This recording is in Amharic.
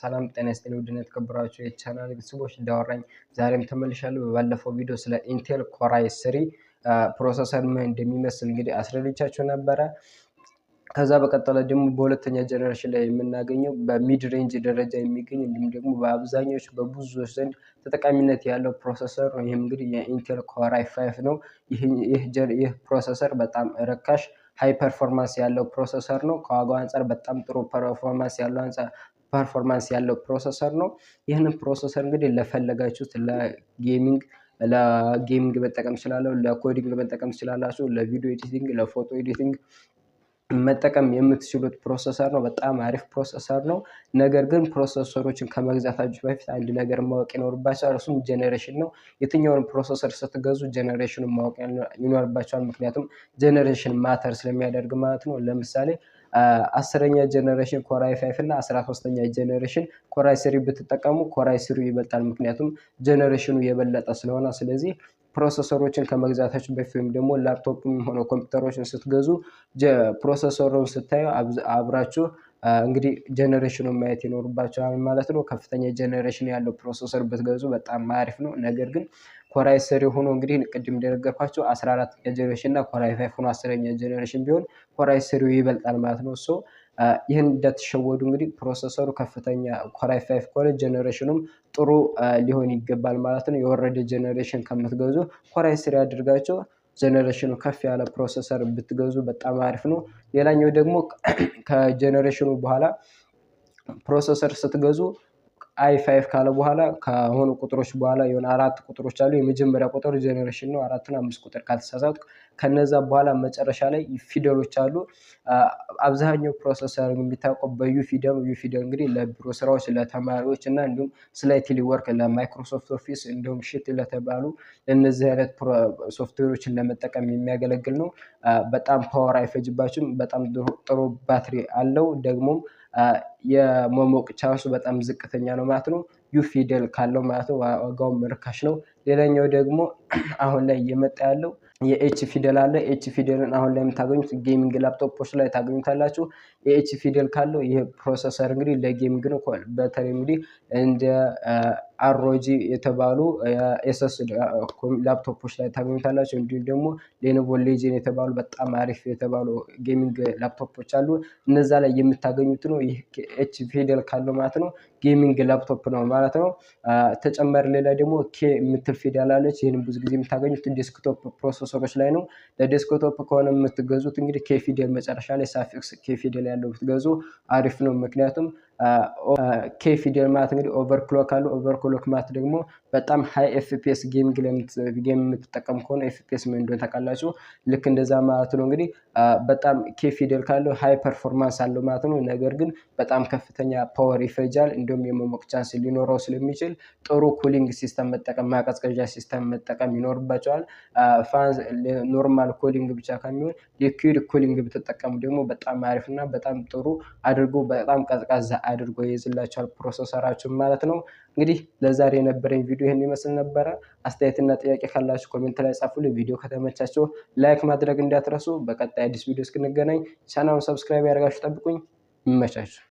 ሰላም ጤና ይስጥልኝ። ውድን የተከበራችሁ የቻናል ቤተሰቦች ዳወራኝ ዛሬም ተመልሻለሁ። በባለፈው ቪዲዮ ስለ ኢንቴል ኮራይ ስሪ ፕሮሰሰር ምን እንደሚመስል እንግዲህ አስረድቻችሁ ነበረ። ከዛ በቀጠለ ደግሞ በሁለተኛ ጀነሬሽን ላይ የምናገኘው በሚድ ሬንጅ ደረጃ የሚገኝ እንዲሁም ደግሞ በአብዛኞች በብዙዎች ዘንድ ተጠቃሚነት ያለው ፕሮሰሰር ነው። ይህም እንግዲህ የኢንቴል ኮራይ ፋይፍ ነው። ይህ ፕሮሰሰር በጣም ረካሽ ሀይ ፐርፎርማንስ ያለው ፕሮሰሰር ነው። ከዋጋው አንጻር በጣም ጥሩ ፐርፎርማንስ ያለው አንጻር ፐርፎርማንስ ያለው ፕሮሰሰር ነው። ይህንን ፕሮሰሰር እንግዲህ ለፈለጋችሁት ለጌሚንግ ለጌሚንግ መጠቀም ትችላለሁ፣ ለኮዲንግ መጠቀም ትችላላችሁ፣ ለቪዲዮ ኤዲቲንግ፣ ለፎቶ ኤዲቲንግ መጠቀም የምትችሉት ፕሮሰሰር ነው። በጣም አሪፍ ፕሮሰሰር ነው። ነገር ግን ፕሮሰሰሮችን ከመግዛታችሁ በፊት አንድ ነገር ማወቅ ይኖርባቸዋል። እሱም ጀኔሬሽን ነው። የትኛውን ፕሮሰሰር ስትገዙ ጀኔሬሽኑን ማወቅ ይኖርባቸዋል። ምክንያቱም ጀኔሬሽን ማተር ስለሚያደርግ ማለት ነው። ለምሳሌ አስረኛ ጀኔሬሽን ኮራይ አይ እና አስራ ሶስተኛ ጀኔሬሽን ኮራይ ስሪ ብትጠቀሙ ኮራይ ስሪ ይበልጣል። ምክንያቱም ጀኔሬሽኑ የበለጠ ስለሆነ ስለዚህ ፕሮሰሰሮችን ከመግዛታችን በፊት ወይም ደግሞ ላፕቶፕ ሆነ ኮምፒውተሮችን ስትገዙ ፕሮሰሰሩን ስታዩ አብራችሁ እንግዲህ ጀኔሬሽኑን ማየት ይኖርባቸዋል ማለት ነው። ከፍተኛ ጀኔሬሽን ያለው ፕሮሰሰር ብትገዙ በጣም አሪፍ ነው። ነገር ግን ኮራይ ስሪ ሆኖ እንግዲህ ቅድም እንደነገርኳቸው አስራ አራተኛ ጀኔሬሽን እና ኮራይ ፋይፍ ሆኖ አስረኛ ጀኔሬሽን ቢሆን ኮራይ ይበልጣል ማለት ነው። ሶ ይህን እንደተሸወዱ እንግዲህ ፕሮሰሰሩ ከፍተኛ ኮራይ ፋይፍ ከሆነ ጀኔሬሽኑም ጥሩ ሊሆን ይገባል ማለት ነው። የወረደ ጀኔሬሽን ከምትገዙ ኮራይ ስሪ አድርጋቸው ጀኔሬሽኑ ከፍ ያለ ፕሮሰሰር ብትገዙ በጣም አሪፍ ነው። ሌላኛው ደግሞ ከጀኔሬሽኑ በኋላ ፕሮሰሰር ስትገዙ አይ ፋይቭ ካለ በኋላ ከሆኑ ቁጥሮች በኋላ የሆነ አራት ቁጥሮች አሉ። የመጀመሪያ ቁጥር ጀኔሬሽን ነው። አራትና አምስት ቁጥር ካልተሳሳትኩ። ከነዛ በኋላ መጨረሻ ላይ ፊደሎች አሉ። አብዛኛው ፕሮሰሰር የሚታወቀው በዩ ፊደል ዩ ፊደል እንግዲህ ለቢሮ ስራዎች፣ ለተማሪዎች እና እንዲሁም ስላይትሊ ወርክ ለማይክሮሶፍት ኦፊስ እንዲሁም ሽት ለተባሉ እነዚህ አይነት ሶፍትዌሮችን ለመጠቀም የሚያገለግል ነው። በጣም ፓወር አይፈጅባችሁም። በጣም ጥሩ ባትሪ አለው ደግሞም የመሞቅ ቻንሱ በጣም ዝቅተኛ ነው ማለት ነው። ዩ ፊደል ካለው ማለት ነው ዋጋውም ርካሽ ነው። ሌላኛው ደግሞ አሁን ላይ እየመጣ ያለው የኤች ፊደል አለ። ኤች ፊደልን አሁን ላይ የምታገኙት ጌሚንግ ላፕቶፖች ላይ ታገኙታላችሁ። የኤች ፊደል ካለው ይህ ፕሮሰሰር እንግዲህ ለጌሚንግ ነው። በተለይ እንግዲህ እንደ አሮጂ የተባሉ ኤሰስ ላፕቶፖች ላይ ታገኙታላቸው። እንዲሁም ደግሞ ሌኖቮ ሌጅን የተባሉ በጣም አሪፍ የተባሉ ጌሚንግ ላፕቶፖች አሉ። እነዛ ላይ የምታገኙት ነው። ይህ ኤች ፊደል ካለው ማለት ነው ጌሚንግ ላፕቶፕ ነው ማለት ነው። ተጨማሪ ሌላ ደግሞ ኬ የምትል ፊደል አለች። ይህን ብዙ ጊዜ የምታገኙት ዴስክቶፕ ፕሮሰሰሮች ላይ ነው። ለዴስክቶፕ ከሆነ የምትገዙት እንግዲህ ኬ ፊደል መጨረሻ ላይ ሳፊክስ ኬ ፊደል ያለው ብትገዙ አሪፍ ነው። ምክንያቱም ኬ ፊደል ማለት እንግዲህ ኦቨርክሎክ አሉ። ኦቨርክሎክ ማለት ደግሞ በጣም ሀይ ኤፍፒኤስ ጌም ጌም የምትጠቀም ከሆነ ኤፍፒኤስ ምን እንደሆነ ታውቃላችሁ። ልክ እንደዛ ማለት ነው። እንግዲህ በጣም ኬ ፊደል ካለው ሀይ ፐርፎርማንስ አለው ማለት ነው። ነገር ግን በጣም ከፍተኛ ፓወር ይፈጃል፣ እንዲሁም የመሞቅ ቻንስ ሊኖረው ስለሚችል ጥሩ ኩሊንግ ሲስተም መጠቀም፣ ማቀዝቀዣ ሲስተም መጠቀም ይኖርባቸዋል። ፋንስ ኖርማል ኩሊንግ ብቻ ከሚሆን ሊኩዊድ ኩሊንግ ብትጠቀሙ ደግሞ በጣም አሪፍ እና በጣም ጥሩ አድርጎ በጣም ቀዝቃዛ አድርጎ ይይዝላቸዋል ፕሮሰሰራችሁ ማለት ነው። እንግዲህ ለዛሬ የነበረኝ ቪዲዮ ይህን ይመስል ነበረ። አስተያየትና ጥያቄ ካላችሁ ኮሜንት ላይ ጻፉልኝ። ቪዲዮ ከተመቻቸው ላይክ ማድረግ እንዳትረሱ። በቀጣይ አዲስ ቪዲዮ እስክንገናኝ ቻናውን ሰብስክራይብ ያደርጋችሁ ጠብቁኝ። ይመቻችሁ።